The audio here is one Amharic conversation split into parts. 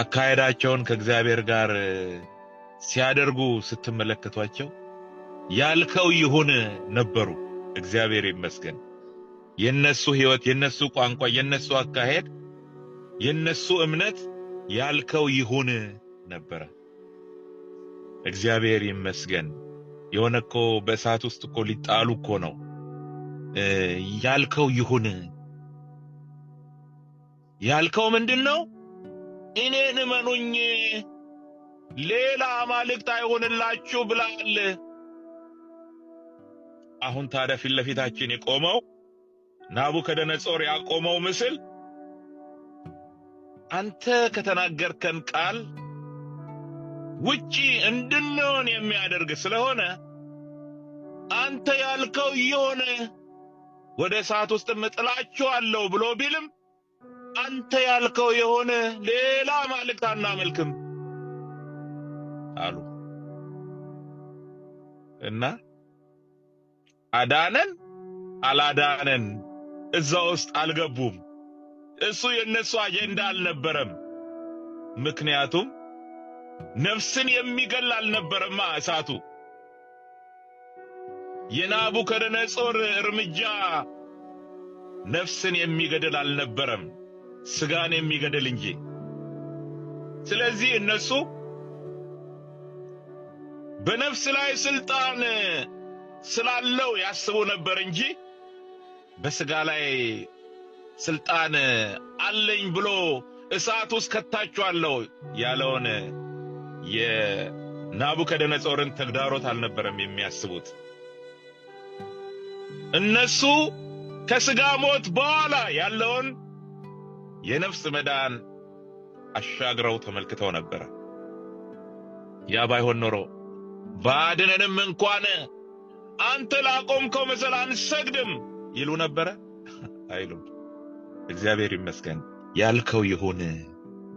አካሄዳቸውን ከእግዚአብሔር ጋር ሲያደርጉ ስትመለከቷቸው ያልከው ይሁን ነበሩ። እግዚአብሔር ይመስገን። የነሱ ህይወት፣ የነሱ ቋንቋ፣ የነሱ አካሄድ፣ የነሱ እምነት ያልከው ይሁን ነበረ። እግዚአብሔር ይመስገን። የሆነ እኮ በእሳት ውስጥ እኮ ሊጣሉ እኮ ነው። ያልከው ይሁን ያልከው ምንድን ነው? እኔን እመኑኝ ሌላ አማልክት አይሆንላችሁ ብላል። አሁን ታዲያ ፊት ለፊታችን የቆመው ናቡከደነጾር ያቆመው ምስል አንተ ከተናገርከን ቃል ውጪ እንድንሆን የሚያደርግ ስለሆነ አንተ ያልከው እየሆነ ወደ እሳት ውስጥ አለው ብሎ ቢልም አንተ ያልከው የሆነ ሌላ አማልክት አናመልክም አሉ እና አዳነን አላዳነን እዛ ውስጥ አልገቡም። እሱ የነሱ አጀንዳ አልነበረም። ምክንያቱም ነፍስን የሚገል አልነበረማ እሳቱ። የናቡከደነጾር እርምጃ ነፍስን የሚገድል አልነበረም። ስጋን የሚገድል እንጂ። ስለዚህ እነሱ በነፍስ ላይ ስልጣን ስላለው ያስቡ ነበር እንጂ በስጋ ላይ ስልጣን አለኝ ብሎ እሳት ውስጥ ከታችኋለሁ ያለውን የናቡከደነጾርን ተግዳሮት አልነበረም የሚያስቡት። እነሱ ከስጋ ሞት በኋላ ያለውን የነፍስ መዳን አሻግረው ተመልክተው ነበረ። ያ ባይሆን ኖሮ ባድነንም እንኳን አንተ ላቆምከው ምስል አንሰግድም ይሉ ነበረ አይሉም። እግዚአብሔር ይመስገን ያልከው ይሁን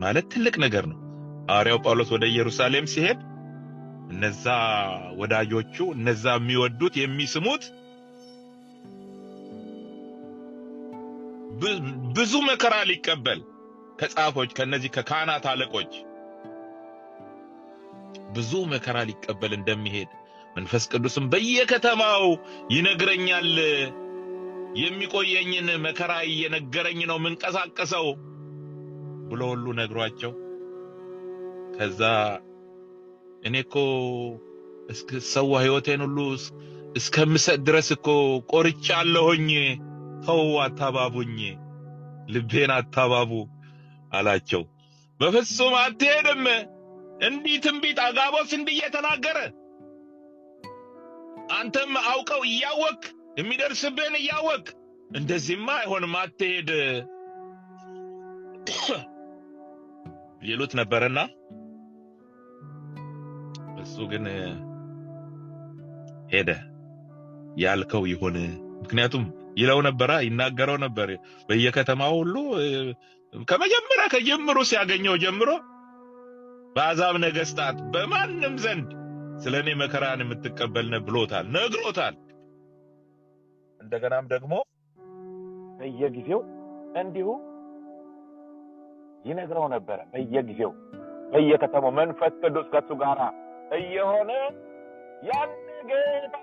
ማለት ትልቅ ነገር ነው። ሐዋርያው ጳውሎስ ወደ ኢየሩሳሌም ሲሄድ እነዛ ወዳጆቹ እነዛ የሚወዱት የሚስሙት ብዙ መከራ ሊቀበል ከጻፎች ከነዚህ ከካህናት አለቆች ብዙ መከራ ሊቀበል እንደሚሄድ መንፈስ ቅዱስም በየከተማው ይነግረኛል። የሚቆየኝን መከራ እየነገረኝ ነው ምንቀሳቀሰው ብሎ ሁሉ ነግሯቸው ከዛ እኔ እኮ ሰው ህይወቴን ሁሉ እስከምሰጥ ድረስ እኮ ቆርጫ አለሁኝ ተው አታባቡኝ፣ ልቤን አታባቡ አላቸው። በፍጹም አትሄድም፣ እንዲህ ትንቢት አጋቦስ እንዲህ እየተናገረ አንተም አውቀው እያወቅ የሚደርስብህን እያወቅ እንደዚህማ አይሆንም አትሄድ ይሉት ነበረና እሱ ግን ሄደ ያልከው ይሆን ምክንያቱም ይለው ነበረ፣ ይናገረው ነበር። በየከተማው ሁሉ ከመጀመሪያ ከጀምሮ ሲያገኘው ጀምሮ በአዛብ ነገስታት በማንም ዘንድ ስለ እኔ መከራን የምትቀበል ብሎታል፣ ነግሮታል። እንደገናም ደግሞ በየጊዜው እንዲሁ ይነግረው ነበረ። በየጊዜው በየከተማው መንፈስ ቅዱስ ከሱ ጋር እየሆነ ያን ጌታ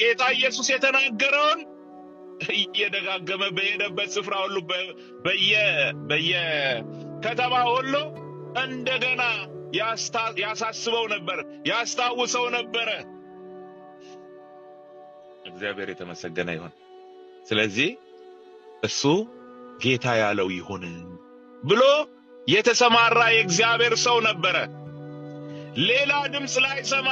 ጌታ ኢየሱስ የተናገረውን እየደጋገመ በሄደበት ስፍራ ሁሉ በየከተማ ሁሉ እንደገና ያሳስበው ነበር፣ ያስታውሰው ነበረ። እግዚአብሔር የተመሰገነ ይሆን። ስለዚህ እሱ ጌታ ያለው ይሁን ብሎ የተሰማራ የእግዚአብሔር ሰው ነበረ። ሌላ ድምፅ ላይ ሰማ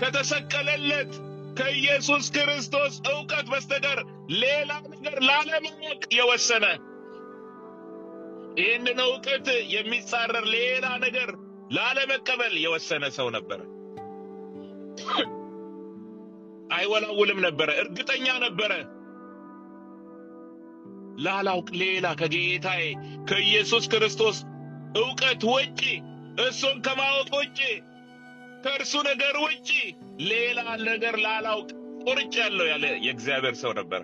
ከተሰቀለለት ከኢየሱስ ክርስቶስ እውቀት በስተቀር ሌላ ነገር ላለማወቅ የወሰነ ይህንን እውቀት የሚጻረር ሌላ ነገር ላለመቀበል የወሰነ ሰው ነበረ። አይወላውልም ነበረ። እርግጠኛ ነበረ። ላላውቅ ሌላ ከጌታዬ ከኢየሱስ ክርስቶስ እውቀት ውጪ እሱን ከማወቅ ውጪ ከእርሱ ነገር ውጪ ሌላ ነገር ላላውቅ ቁርጭ ያለው ያለ የእግዚአብሔር ሰው ነበረ።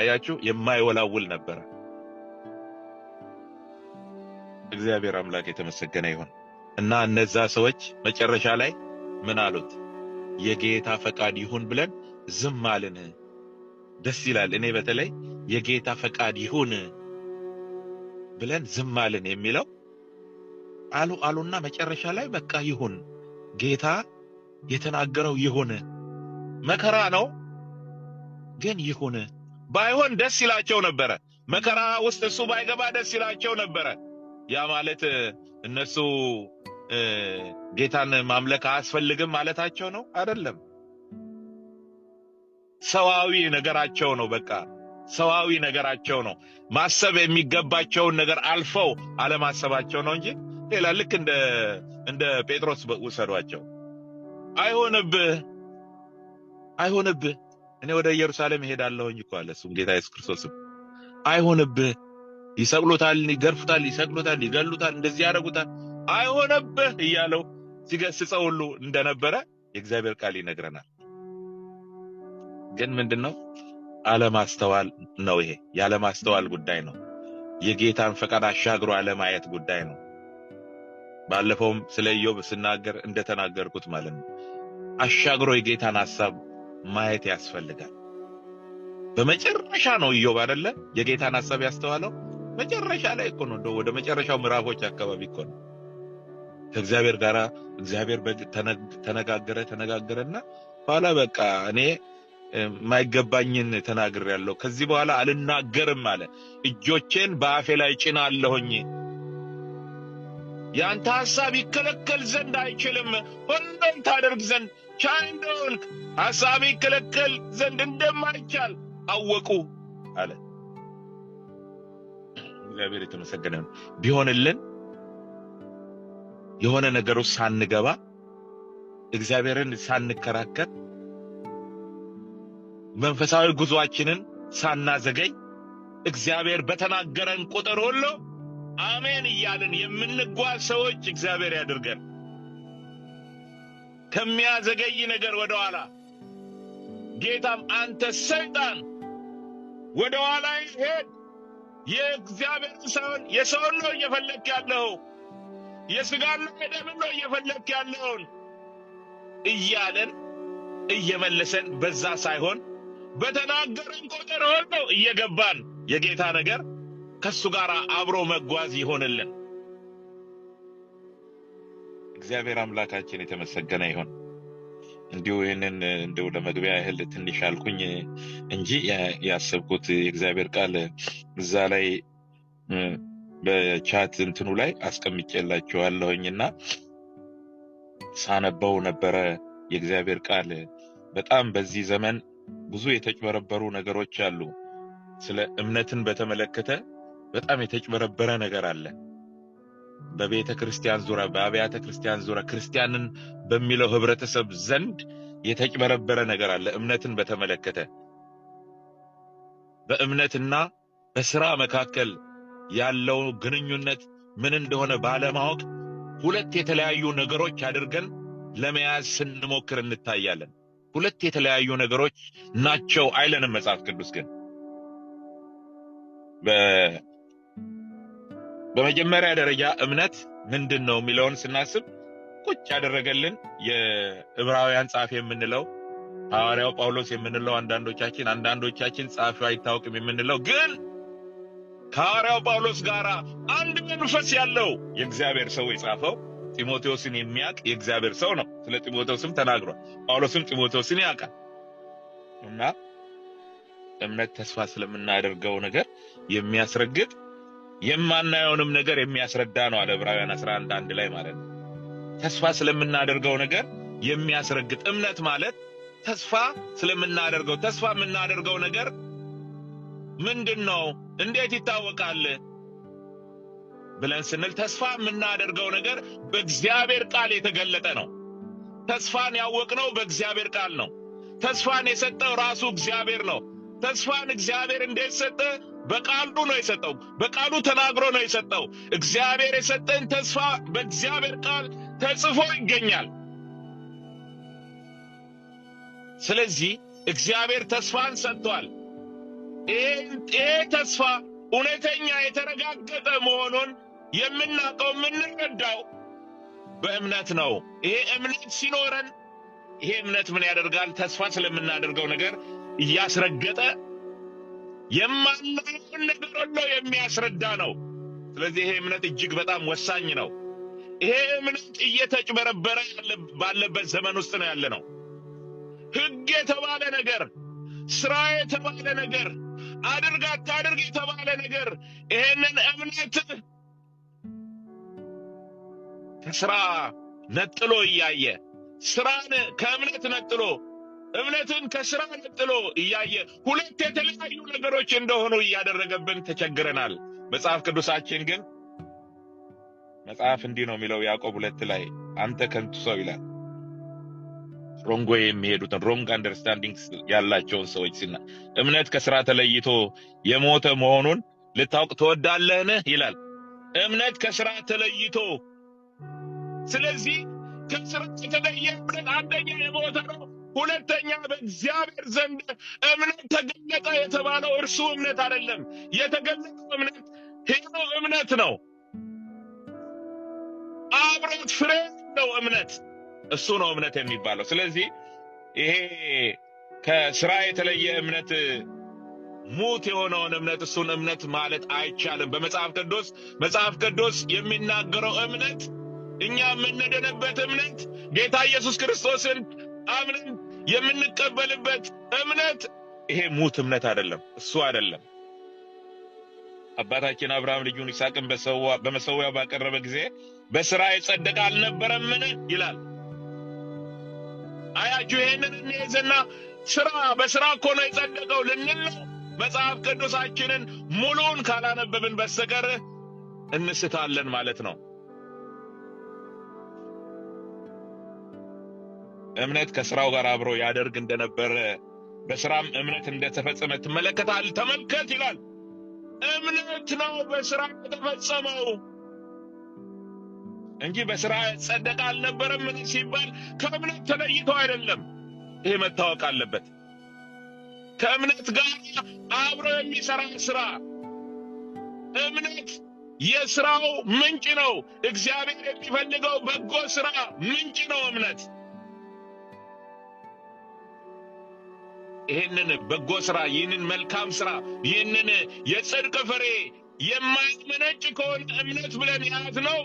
አያችሁ፣ የማይወላውል ነበረ። እግዚአብሔር አምላክ የተመሰገነ ይሁን እና እነዛ ሰዎች መጨረሻ ላይ ምን አሉት? የጌታ ፈቃድ ይሁን ብለን ዝም አልን። ደስ ይላል። እኔ በተለይ የጌታ ፈቃድ ይሁን ብለን ዝም አልን የሚለው አሉ አሉና መጨረሻ ላይ በቃ ይሁን ጌታ የተናገረው የሆነ መከራ ነው፣ ግን ይሆነ ባይሆን ደስ ይላቸው ነበረ። መከራ ውስጥ እሱ ባይገባ ደስ ይላቸው ነበረ። ያ ማለት እነሱ ጌታን ማምለክ አያስፈልግም ማለታቸው ነው አይደለም። ሰዋዊ ነገራቸው ነው። በቃ ሰዋዊ ነገራቸው ነው። ማሰብ የሚገባቸውን ነገር አልፈው አለማሰባቸው ነው እንጂ ሌላ ልክ እንደ እንደ ጴጥሮስ ውሰዷቸው። አይሆንብህ አይሆንብህ፣ እኔ ወደ ኢየሩሳሌም እሄዳለሁኝ እኮ አለ። እሱም ጌታ ኢየሱስ ክርስቶስም አይሆንብህ፣ ይሰቅሉታል፣ ይገርፉታል፣ ይሰቅሉታል፣ ይገሉታል፣ እንደዚህ ያደርጉታል፣ አይሆንብህ እያለው ሲገስጸው እንደነበረ የእግዚአብሔር ቃል ይነግረናል። ግን ምንድን ነው አለማስተዋል ነው። ይሄ ያለማስተዋል ጉዳይ ነው። የጌታን ፈቃድ አሻግሮ አለማየት ጉዳይ ነው። ባለፈውም ስለ ኢዮብ ስናገር እንደተናገርኩት ማለት ነው። አሻግሮ የጌታን ሐሳብ ማየት ያስፈልጋል። በመጨረሻ ነው ኢዮብ አደለ የጌታን ሐሳብ ያስተዋለው መጨረሻ ላይ እኮ ነው። ወደ መጨረሻው ምዕራፎች አካባቢ እኮ ነው ከእግዚአብሔር ጋር እግዚአብሔር ተነጋገረ ተነጋገረና በኋላ በቃ እኔ የማይገባኝን ተናግሬያለሁ፣ ከዚህ በኋላ አልናገርም አለ። እጆቼን በአፌ ላይ ጭና አለሁኝ የአንተ ሐሳብ ይከለከል ዘንድ አይችልም። ሁሉም ታደርግ ዘንድ ቻይ እንደሆንክ ሐሳብ ይከለከል ዘንድ እንደማይቻል አወቁ አለ። እግዚአብሔር የተመሰገነ ነው። ቢሆንልን የሆነ ነገሩ ሳንገባ እግዚአብሔርን ሳንከራከር መንፈሳዊ ጉዞአችንን ሳናዘገኝ እግዚአብሔር በተናገረን ቁጥር ሁሉ አሜን እያለን የምንጓዝ ሰዎች እግዚአብሔር ያድርገን። ከሚያዘገይ ነገር ወደ ኋላ ጌታም አንተ ሰይጣን ወደ ኋላ ሄድ፣ የእግዚአብሔር ሰውን የሰውን ነው እየፈለግክ ያለው የሥጋን ነው የደምን ነው እየፈለግክ ያለውን እያለን እየመለሰን በዛ ሳይሆን በተናገረን ቁጥር ሆኖ እየገባን የጌታ ነገር ከሱ ጋር አብሮ መጓዝ ይሆንልን። እግዚአብሔር አምላካችን የተመሰገነ ይሆን። እንዲሁ ይህንን እንደው ለመግቢያ ያህል ትንሽ አልኩኝ እንጂ ያሰብኩት የእግዚአብሔር ቃል እዛ ላይ በቻት እንትኑ ላይ አስቀምጬላችኋለሁኝ እና ሳነበው ነበረ የእግዚአብሔር ቃል በጣም በዚህ ዘመን ብዙ የተጭበረበሩ ነገሮች አሉ። ስለ እምነትን በተመለከተ በጣም የተጭበረበረ ነገር አለ። በቤተ ክርስቲያን ዙሪያ፣ በአብያተ ክርስቲያን ዙሪያ ክርስቲያንን በሚለው ህብረተሰብ ዘንድ የተጭበረበረ ነገር አለ። እምነትን በተመለከተ በእምነትና በስራ መካከል ያለው ግንኙነት ምን እንደሆነ ባለማወቅ ሁለት የተለያዩ ነገሮች አድርገን ለመያዝ ስንሞክር እንታያለን። ሁለት የተለያዩ ነገሮች ናቸው አይለንም መጽሐፍ ቅዱስ ግን በመጀመሪያ ደረጃ እምነት ምንድን ነው የሚለውን ስናስብ ቁጭ ያደረገልን የዕብራውያን ጸሐፊ የምንለው ሐዋርያው ጳውሎስ የምንለው አንዳንዶቻችን አንዳንዶቻችን ጸሐፊው አይታወቅም የምንለው ግን ከሐዋርያው ጳውሎስ ጋር አንድ መንፈስ ያለው የእግዚአብሔር ሰው የጻፈው ጢሞቴዎስን የሚያውቅ የእግዚአብሔር ሰው ነው። ስለ ጢሞቴዎስም ተናግሯል። ጳውሎስም ጢሞቴዎስን ያውቃል እና እምነት ተስፋ ስለምናደርገው ነገር የሚያስረግጥ የማናየውንም ነገር የሚያስረዳ ነው አለ ዕብራውያን 11 አንድ ላይ ማለት ነው። ተስፋ ስለምናደርገው ነገር የሚያስረግጥ እምነት ማለት ተስፋ ስለምናደርገው ተስፋ የምናደርገው ነገር ምንድን ነው? እንዴት ይታወቃል ብለን ስንል ተስፋ የምናደርገው ነገር በእግዚአብሔር ቃል የተገለጠ ነው። ተስፋን ያወቅነው በእግዚአብሔር ቃል ነው። ተስፋን የሰጠው ራሱ እግዚአብሔር ነው። ተስፋን እግዚአብሔር እንዴት ሰጠ? በቃሉ ነው የሰጠው። በቃሉ ተናግሮ ነው የሰጠው። እግዚአብሔር የሰጠን ተስፋ በእግዚአብሔር ቃል ተጽፎ ይገኛል። ስለዚህ እግዚአብሔር ተስፋን ሰጥቷል። ይሄ ተስፋ እውነተኛ የተረጋገጠ መሆኑን የምናውቀው የምንረዳው በእምነት ነው። ይሄ እምነት ሲኖረን ይሄ እምነት ምን ያደርጋል? ተስፋ ስለምናደርገው ነገር እያስረገጠ የማናውን ነገር ሁሉ የሚያስረዳ ነው። ስለዚህ ይሄ እምነት እጅግ በጣም ወሳኝ ነው። ይሄ እምነት እየተጭበረበረ ባለበት ዘመን ውስጥ ነው ያለ ነው። ሕግ የተባለ ነገር፣ ስራ የተባለ ነገር፣ አድርግ አታድርግ የተባለ ነገር ይሄንን እምነት ከስራ ነጥሎ እያየ ስራን ከእምነት ነጥሎ እምነትን ከስራ ነጥሎ እያየ ሁለት የተለያዩ ነገሮች እንደሆኑ እያደረገብን ተቸግረናል። መጽሐፍ ቅዱሳችን ግን መጽሐፍ እንዲህ ነው የሚለው ያዕቆብ ሁለት ላይ አንተ ከንቱ ሰው ይላል። ሮንጎ የሚሄዱትን ሮንግ አንደርስታንዲንግ ያላቸውን ሰዎች ሲና እምነት ከስራ ተለይቶ የሞተ መሆኑን ልታውቅ ትወዳለህን ይላል። እምነት ከስራ ተለይቶ ስለዚህ ከስራ የተለየ እምነት አንደኛ የሞተ ነው። ሁለተኛ በእግዚአብሔር ዘንድ እምነት ተገለጠ የተባለው እርሱ እምነት አይደለም። የተገለጠው እምነት ሕያው እምነት ነው። አብሮት ፍሬ ያለው እምነት እሱ ነው እምነት የሚባለው። ስለዚህ ይሄ ከስራ የተለየ እምነት ሙት የሆነውን እምነት እሱን እምነት ማለት አይቻልም። በመጽሐፍ ቅዱስ መጽሐፍ ቅዱስ የሚናገረው እምነት እኛ የምንድንበት እምነት ጌታ ኢየሱስ ክርስቶስን አምነን የምንቀበልበት እምነት ይሄ ሙት እምነት አይደለም፣ እሱ አይደለም። አባታችን አብርሃም ልጁን ይስሐቅን በመሰዊያው ባቀረበ ጊዜ በስራ የጸደቀ አልነበረምን ይላል። አያችሁ፣ ይህንን እንይዝና ስራ በስራ እኮ ነው የጸደቀው ልንል መጽሐፍ ቅዱሳችንን ሙሉን ካላነበብን በስተቀር እንስታለን ማለት ነው። እምነት ከስራው ጋር አብሮ ያደርግ እንደነበረ በስራም እምነት እንደተፈጸመ ትመለከታል። ተመልከት ይላል እምነት ነው በስራ የተፈጸመው እንጂ በስራ ጸደቀ አልነበረም ሲባል ከእምነት ተለይቶ አይደለም። ይሄ መታወቅ አለበት። ከእምነት ጋር አብሮ የሚሰራ ስራ እምነት የስራው ምንጭ ነው። እግዚአብሔር የሚፈልገው በጎ ስራ ምንጭ ነው እምነት ይህንን በጎ ሥራ ይህንን መልካም ሥራ ይህንን የጽድቅ ፍሬ የማይመነጭ ከሆነ እምነት ብለን ያት ነው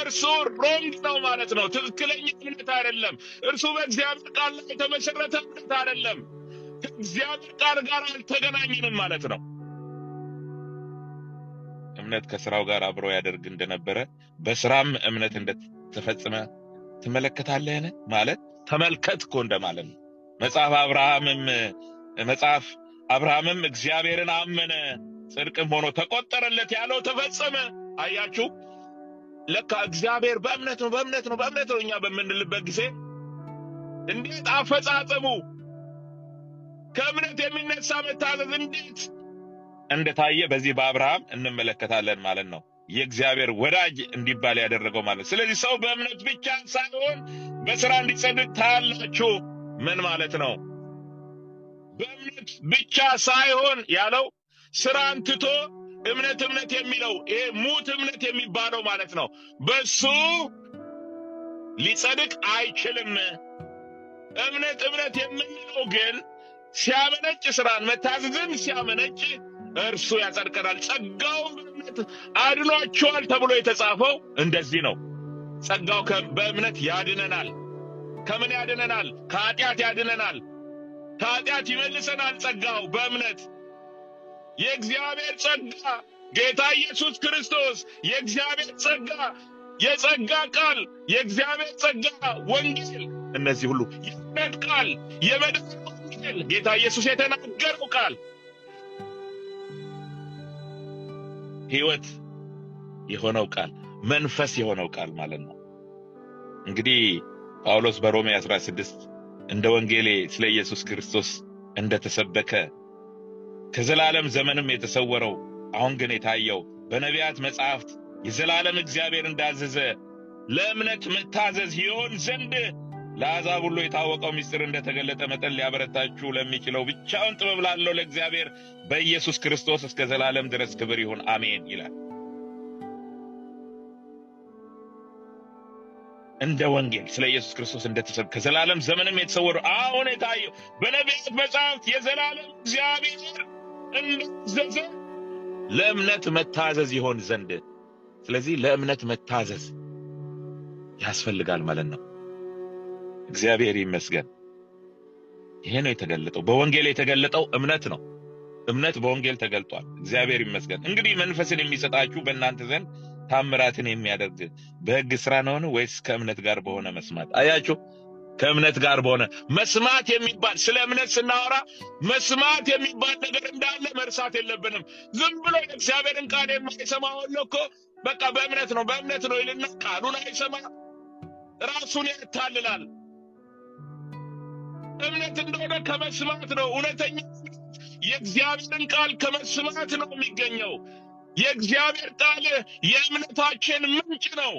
እርሱ ሮንግ ነው ማለት ነው። ትክክለኛ እምነት አይደለም። እርሱ በእግዚአብሔር ቃል ላይ የተመሰረተ እምነት አይደለም። ከእግዚአብሔር ቃል ጋር አልተገናኝንም ማለት ነው። እምነት ከስራው ጋር አብሮ ያደርግ እንደነበረ በስራም እምነት እንደተፈጽመ ትመለከታለህን ማለት ተመልከት እኮ እንደማለት ነው። መጽሐፍ አብርሃምም መጽሐፍ አብርሃምም እግዚአብሔርን አመነ ጽድቅም ሆኖ ተቆጠረለት ያለው ተፈጸመ። አያችሁ፣ ለካ እግዚአብሔር በእምነት ነው በእምነት ነው በእምነት ነው እኛ በምንልበት ጊዜ እንዴት አፈጻጸሙ ከእምነት የሚነሳ መታዘዝ እንዴት እንደታየ በዚህ በአብርሃም እንመለከታለን ማለት ነው። የእግዚአብሔር ወዳጅ እንዲባል ያደረገው ማለት ስለዚህ ሰው በእምነት ብቻ ሳይሆን በስራ እንዲጸድቅ ታያላችሁ። ምን ማለት ነው? በእምነት ብቻ ሳይሆን ያለው ስራን ትቶ እምነት እምነት የሚለው ይሄ ሙት እምነት የሚባለው ማለት ነው። በሱ ሊጸድቅ አይችልም። እምነት እምነት የምንለው ግን ሲያመነጭ ስራን መታዘዝን ሲያመነጭ እርሱ ያጸድቀናል። ጸጋው በእምነት አድኗቸዋል ተብሎ የተጻፈው እንደዚህ ነው። ጸጋው በእምነት ያድነናል። ከምን ያድነናል? ከኃጢአት ያድነናል። ከኃጢአት ይመልሰናል ጸጋው በእምነት የእግዚአብሔር ጸጋ ጌታ ኢየሱስ ክርስቶስ የእግዚአብሔር ጸጋ የጸጋ ቃል የእግዚአብሔር ጸጋ ወንጌል እነዚህ ሁሉ የእምነት ቃል የመዳን ወንጌል ጌታ ኢየሱስ የተናገረው ቃል ሕይወት የሆነው ቃል መንፈስ የሆነው ቃል ማለት ነው እንግዲህ ጳውሎስ በሮሜ 16 እንደ ወንጌሌ ስለ ኢየሱስ ክርስቶስ እንደተሰበከ ከዘላለም ዘመንም የተሰወረው አሁን ግን የታየው በነቢያት መጻሕፍት የዘላለም እግዚአብሔር እንዳዘዘ ለእምነት መታዘዝ ይሆን ዘንድ ለአሕዛብ ሁሉ የታወቀው ምስጢር እንደተገለጠ መጠን ሊያበረታችሁ ለሚችለው ብቻውን ጥበብ ላለው ለእግዚአብሔር በኢየሱስ ክርስቶስ እስከ ዘላለም ድረስ ክብር ይሁን፣ አሜን ይላል። እንደ ወንጌል ስለ ኢየሱስ ክርስቶስ እንደተሰብ ከዘላለም ዘመንም የተሰወሩ አሁን የታየው በነቢያት መጽሐፍት የዘላለም እግዚአብሔር እንዘዘ ለእምነት መታዘዝ ይሆን ዘንድ። ስለዚህ ለእምነት መታዘዝ ያስፈልጋል ማለት ነው። እግዚአብሔር ይመስገን። ይሄ ነው የተገለጠው። በወንጌል የተገለጠው እምነት ነው። እምነት በወንጌል ተገልጧል። እግዚአብሔር ይመስገን። እንግዲህ መንፈስን የሚሰጣችሁ በእናንተ ዘንድ ታምራትን የሚያደርግ በህግ ስራ ነውን ወይስ ከእምነት ጋር በሆነ መስማት? አያችሁ፣ ከእምነት ጋር በሆነ መስማት የሚባል ስለ እምነት ስናወራ መስማት የሚባል ነገር እንዳለ መርሳት የለብንም። ዝም ብሎ እግዚአብሔርን ቃል የማይሰማ ሁሉ እኮ በቃ በእምነት ነው በእምነት ነው ይልና ቃሉን አይሰማ፣ ራሱን ያታልላል። እምነት እንደሆነ ከመስማት ነው። እውነተኛ የእግዚአብሔርን ቃል ከመስማት ነው የሚገኘው። የእግዚአብሔር ቃል የእምነታችን ምንጭ ነው።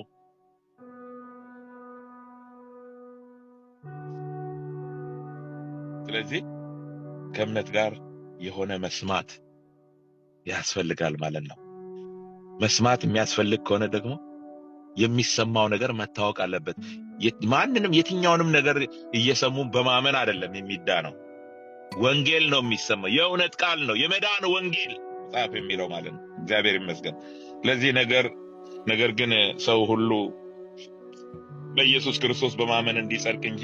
ስለዚህ ከእምነት ጋር የሆነ መስማት ያስፈልጋል ማለት ነው። መስማት የሚያስፈልግ ከሆነ ደግሞ የሚሰማው ነገር መታወቅ አለበት። ማንንም የትኛውንም ነገር እየሰሙ በማመን አይደለም የሚዳ ነው። ወንጌል ነው የሚሰማው፣ የእውነት ቃል ነው፣ የመዳን ወንጌል ጻፍ የሚለው ማለት ነው። እግዚአብሔር ይመስገን ለዚህ ነገር። ነገር ግን ሰው ሁሉ በኢየሱስ ክርስቶስ በማመን እንዲጸድቅ እንጂ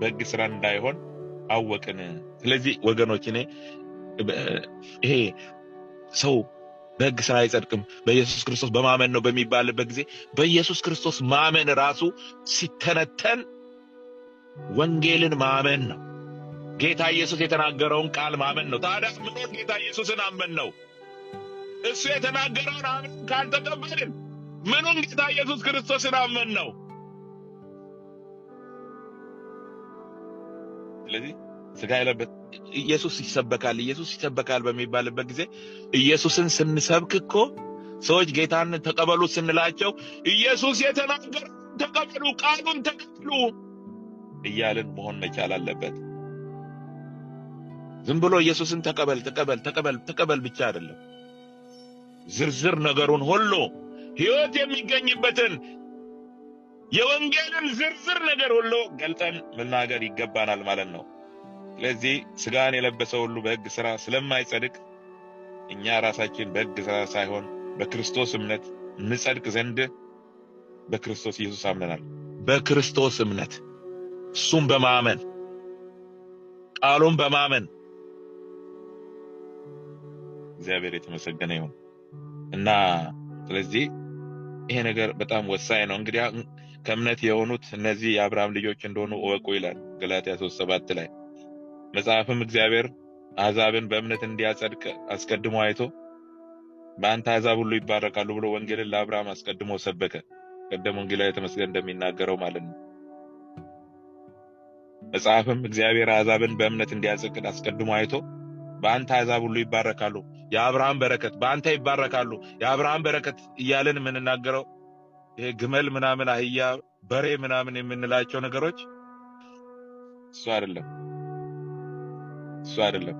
በሕግ ስራ እንዳይሆን አወቅን። ስለዚህ ወገኖች እኔ ይሄ ሰው በሕግ ስራ አይጸድቅም በኢየሱስ ክርስቶስ በማመን ነው በሚባልበት ጊዜ በኢየሱስ ክርስቶስ ማመን ራሱ ሲተነተን ወንጌልን ማመን ነው። ጌታ ኢየሱስ የተናገረውን ቃል ማመን ነው። ታዲያ ምኖር ጌታ ኢየሱስን አመን ነው። እሱ የተናገረውን አምን ካልተቀበልን ምኑን ጌታ ኢየሱስ ክርስቶስን አመን ነው። ስለዚህ ስጋ የለበት ኢየሱስ ይሰበካል፣ ኢየሱስ ይሰበካል በሚባልበት ጊዜ ኢየሱስን ስንሰብክ እኮ ሰዎች ጌታን ተቀበሉ ስንላቸው ኢየሱስ የተናገረውን ተቀበሉ፣ ቃሉን ተቀበሉ እያልን መሆን መቻል አለበት። ዝም ብሎ ኢየሱስን ተቀበል ተቀበል ተቀበል ተቀበል ብቻ አይደለም። ዝርዝር ነገሩን ሁሉ ሕይወት የሚገኝበትን የወንጌልን ዝርዝር ነገር ሁሉ ገልጠን መናገር ይገባናል ማለት ነው። ስለዚህ ሥጋን የለበሰ ሁሉ በሕግ ሥራ ስለማይጸድቅ እኛ ራሳችን በሕግ ሥራ ሳይሆን በክርስቶስ እምነት እንጸድቅ ዘንድ በክርስቶስ ኢየሱስ አምነናል። በክርስቶስ እምነት እሱም በማመን ቃሉን በማመን እግዚአብሔር የተመሰገነ ይሁን እና ስለዚህ ይሄ ነገር በጣም ወሳኝ ነው። እንግዲህ ከእምነት የሆኑት እነዚህ የአብርሃም ልጆች እንደሆኑ እወቁ ይላል ገላትያ ሶስት ሰባት ላይ መጽሐፍም እግዚአብሔር አዛብን በእምነት እንዲያጸድቅ አስቀድሞ አይቶ በአንተ አዛብ ሁሉ ይባረካሉ ብሎ ወንጌልን ለአብርሃም አስቀድሞ ሰበከ። ቀደም ላይ ተመስገን እንደሚናገረው ማለት ነው። መጽሐፍም እግዚአብሔር አዛብን በእምነት እንዲያጸቅድ አስቀድሞ አይቶ በአንተ አሕዛብ ሁሉ ይባረካሉ፣ የአብርሃም በረከት በአንተ ይባረካሉ፣ የአብርሃም በረከት እያለን የምንናገረው ይሄ ግመል ምናምን አህያ በሬ ምናምን የምንላቸው ነገሮች እሱ አይደለም፣ እሱ አይደለም።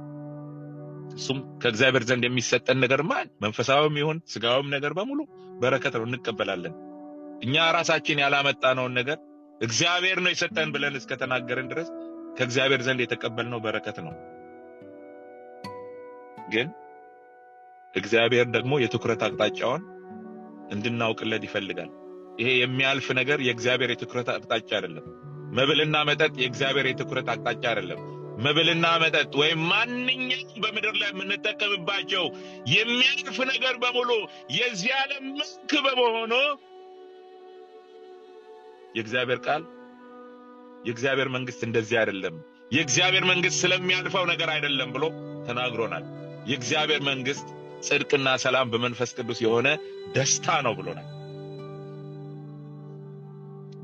እሱም ከእግዚአብሔር ዘንድ የሚሰጠን ነገር ማን መንፈሳዊም ይሁን ስጋዊም ነገር በሙሉ በረከት ነው፣ እንቀበላለን። እኛ ራሳችን ያላመጣነውን ነገር እግዚአብሔር ነው የሰጠን ብለን እስከተናገርን ድረስ ከእግዚአብሔር ዘንድ የተቀበልነው በረከት ነው። ግን እግዚአብሔር ደግሞ የትኩረት አቅጣጫውን እንድናውቅለት ይፈልጋል። ይሄ የሚያልፍ ነገር የእግዚአብሔር የትኩረት አቅጣጫ አይደለም። መብልና መጠጥ የእግዚአብሔር የትኩረት አቅጣጫ አይደለም። መብልና መጠጥ ወይም ማንኛውም በምድር ላይ የምንጠቀምባቸው የሚያልፍ ነገር በሙሉ የዚህ ዓለም መልክ በመሆኑ የእግዚአብሔር ቃል የእግዚአብሔር መንግስት እንደዚህ አይደለም፣ የእግዚአብሔር መንግስት ስለሚያልፈው ነገር አይደለም ብሎ ተናግሮናል። የእግዚአብሔር መንግሥት ጽድቅና ሰላም በመንፈስ ቅዱስ የሆነ ደስታ ነው ብሎናል።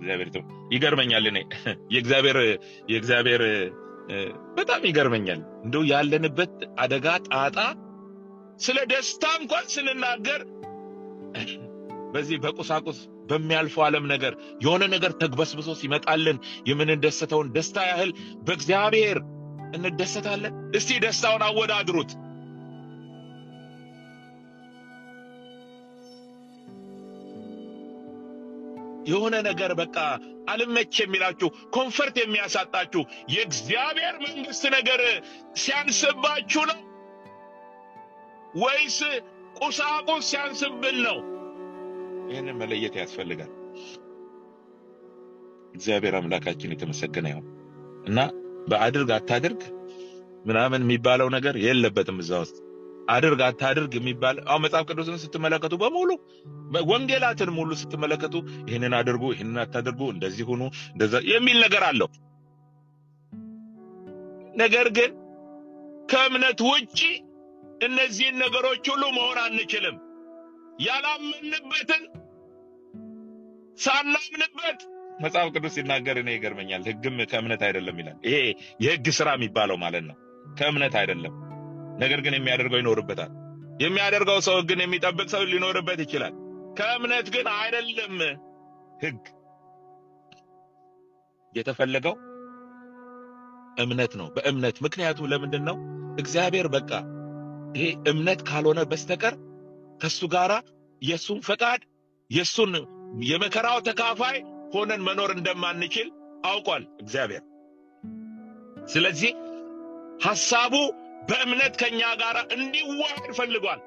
እግዚአብሔር ይገርመኛል። እኔ የእግዚአብሔር የእግዚአብሔር በጣም ይገርመኛል። እንደው ያለንበት አደጋ ጣጣ፣ ስለ ደስታ እንኳን ስንናገር በዚህ በቁሳቁስ በሚያልፈው ዓለም ነገር የሆነ ነገር ተግበስብሶ ሲመጣልን የምንደሰተውን ደስታ ያህል በእግዚአብሔር እንደሰታለን። እስቲ ደስታውን አወዳድሩት። የሆነ ነገር በቃ አልመች የሚላችሁ ኮንፈርት የሚያሳጣችሁ የእግዚአብሔር መንግስት ነገር ሲያንስባችሁ ነው ወይስ ቁሳቁስ ሲያንስብን ነው? ይህንን መለየት ያስፈልጋል። እግዚአብሔር አምላካችን የተመሰገነ ይሁን እና በአድርግ አታድርግ ምናምን የሚባለው ነገር የለበትም እዛ ውስጥ። አድርግ አታድርግ የሚባል አሁን መጽሐፍ ቅዱስን ስትመለከቱ በሙሉ ወንጌላትን ሙሉ ስትመለከቱ ይህንን አድርጉ፣ ይህንን አታድርጉ፣ እንደዚህ ሁኑ የሚል ነገር አለው። ነገር ግን ከእምነት ውጪ እነዚህን ነገሮች ሁሉ መሆን አንችልም። ያላምንበትን ሳናምንበት መጽሐፍ ቅዱስ ሲናገር እኔ ይገርመኛል። ህግም ከእምነት አይደለም ይላል። ይሄ የህግ ስራ የሚባለው ማለት ነው። ከእምነት አይደለም ነገር ግን የሚያደርገው ይኖርበታል። የሚያደርገው ሰው ግን የሚጠብቅ ሰው ሊኖርበት ይችላል። ከእምነት ግን አይደለም። ህግ የተፈለገው እምነት ነው፣ በእምነት ምክንያቱም ለምንድን ነው እግዚአብሔር በቃ ይሄ እምነት ካልሆነ በስተቀር ከሱ ጋራ የሱን ፈቃድ የሱን የመከራው ተካፋይ ሆነን መኖር እንደማንችል አውቋል እግዚአብሔር። ስለዚህ ሐሳቡ በእምነት ከእኛ ጋር እንዲዋሃድ ፈልጓል።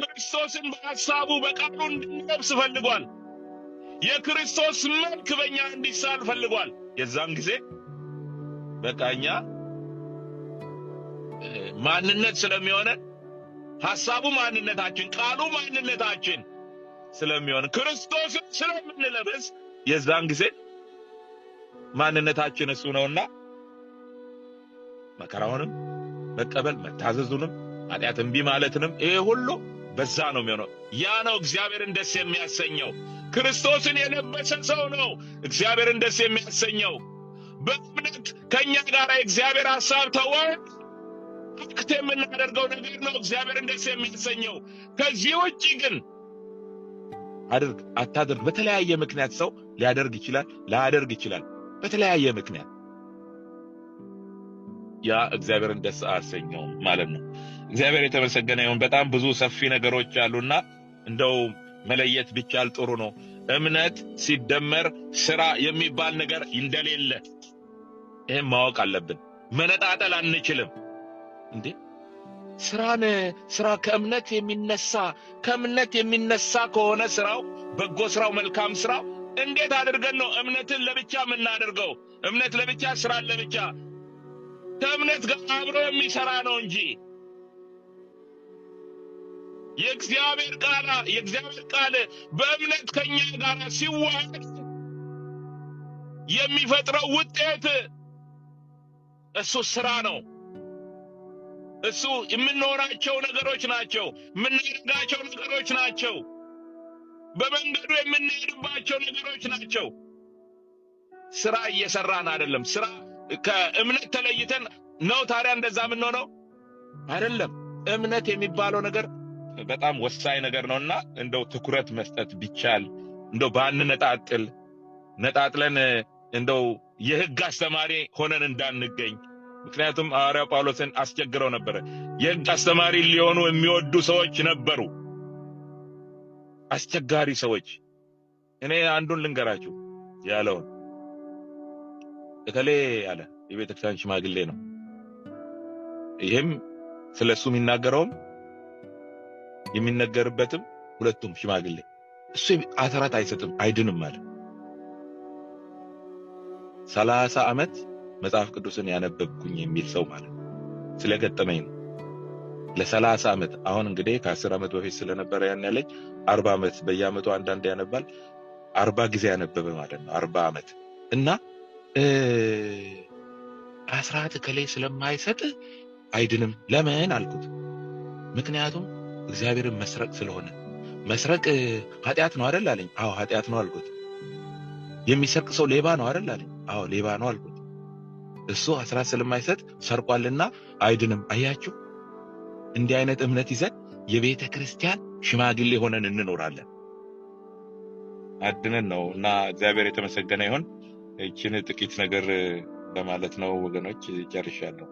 ክርስቶስን በሐሳቡ በቃሉ እንድንለብስ ፈልጓል። የክርስቶስ መልክ በእኛ እንዲሳል ፈልጓል። የዛን ጊዜ በቃ እኛ ማንነት ስለሚሆነ ሐሳቡ ማንነታችን፣ ቃሉ ማንነታችን ስለሚሆን ክርስቶስን ስለምንለብስ የዛን ጊዜ ማንነታችን እሱ ነውና መከራውንም መቀበል መታዘዙንም ኃጢአት እምቢ ማለትንም ይሄ ሁሉ በዛ ነው የሚሆነው። ያ ነው እግዚአብሔርን ደስ የሚያሰኘው። ክርስቶስን የለበሰ ሰው ነው እግዚአብሔርን ደስ የሚያሰኘው። በእምነት ከእኛ ጋር የእግዚአብሔር ሐሳብ ተዋህዶ አክት የምናደርገው ነገር ነው እግዚአብሔርን ደስ የሚያሰኘው። ከዚህ ውጭ ግን አድርግ አታድርግ፣ በተለያየ ምክንያት ሰው ሊያደርግ ይችላል፣ ላያደርግ ይችላል፣ በተለያየ ምክንያት ያ እግዚአብሔርን ደስ አያሰኘውም ማለት ነው። እግዚአብሔር የተመሰገነ ይሁን። በጣም ብዙ ሰፊ ነገሮች አሉና እንደው መለየት ቢቻል ጥሩ ነው። እምነት ሲደመር ስራ የሚባል ነገር እንደሌለ ይህም ማወቅ አለብን። መነጣጠል አንችልም እንዴ ስራን ስራ ከእምነት የሚነሳ ከእምነት የሚነሳ ከሆነ ስራው በጎ ስራው መልካም ስራው እንዴት አድርገን ነው እምነትን ለብቻ የምናደርገው? እምነት ለብቻ ስራን ለብቻ ከእምነት ጋር አብሮ የሚሰራ ነው እንጂ የእግዚአብሔር ቃል የእግዚአብሔር ቃል በእምነት ከኛ ጋር ሲዋሃድ የሚፈጥረው ውጤት እሱ ስራ ነው። እሱ የምንሆናቸው ነገሮች ናቸው፣ የምናደርጋቸው ነገሮች ናቸው፣ በመንገዱ የምንሄድባቸው ነገሮች ናቸው። ስራ እየሰራን አይደለም። ስራ ከእምነት ተለይተን ነው ታዲያ እንደዛ የምንሆነው አይደለም። እምነት የሚባለው ነገር በጣም ወሳኝ ነገር ነው እና እንደው ትኩረት መስጠት ቢቻል እንደው ባንነጣጥል ነጣጥለን እንደው የህግ አስተማሪ ሆነን እንዳንገኝ። ምክንያቱም ሐዋርያው ጳውሎስን አስቸግረው ነበረ። የህግ አስተማሪ ሊሆኑ የሚወዱ ሰዎች ነበሩ፣ አስቸጋሪ ሰዎች። እኔ አንዱን ልንገራችሁ ያለውን እከሌ አለ የቤተክርስቲያን ሽማግሌ ነው። ይህም ስለ እሱ የሚናገረውም የሚነገርበትም ሁለቱም ሽማግሌ እሱ አተራት አይሰጥም አይድንም አለ። ሰላሳ ዓመት መጽሐፍ ቅዱስን ያነበብኩኝ የሚል ሰው ማለት ስለገጠመኝ ነው። ለሰላሳ ዓመት አሁን እንግዲህ ከአስር ዓመት በፊት ስለነበረ ያን ያለኝ አርባ ዓመት በየአመቱ አንዳንድ ያነባል አርባ ጊዜ ያነበበ ማለት ነው አርባ ዓመት እና አስራት ከላይ ስለማይሰጥ አይድንም ለምን አልኩት። ምክንያቱም እግዚአብሔርን መስረቅ ስለሆነ መስረቅ ኃጢአት ነው አይደል አለኝ። አዎ ኃጢአት ነው አልኩት። የሚሰርቅ ሰው ሌባ ነው አይደል አለኝ። አዎ ሌባ ነው አልኩት። እሱ አስራት ስለማይሰጥ ሰርቋልና አይድንም። አያችሁ፣ እንዲህ አይነት እምነት ይዘን የቤተ ክርስቲያን ሽማግሌ ሆነን እንኖራለን። አድነን ነው እና እግዚአብሔር የተመሰገነ ይሆን ይችን ጥቂት ነገር ለማለት ነው ወገኖች፣ ጨርሻለሁ።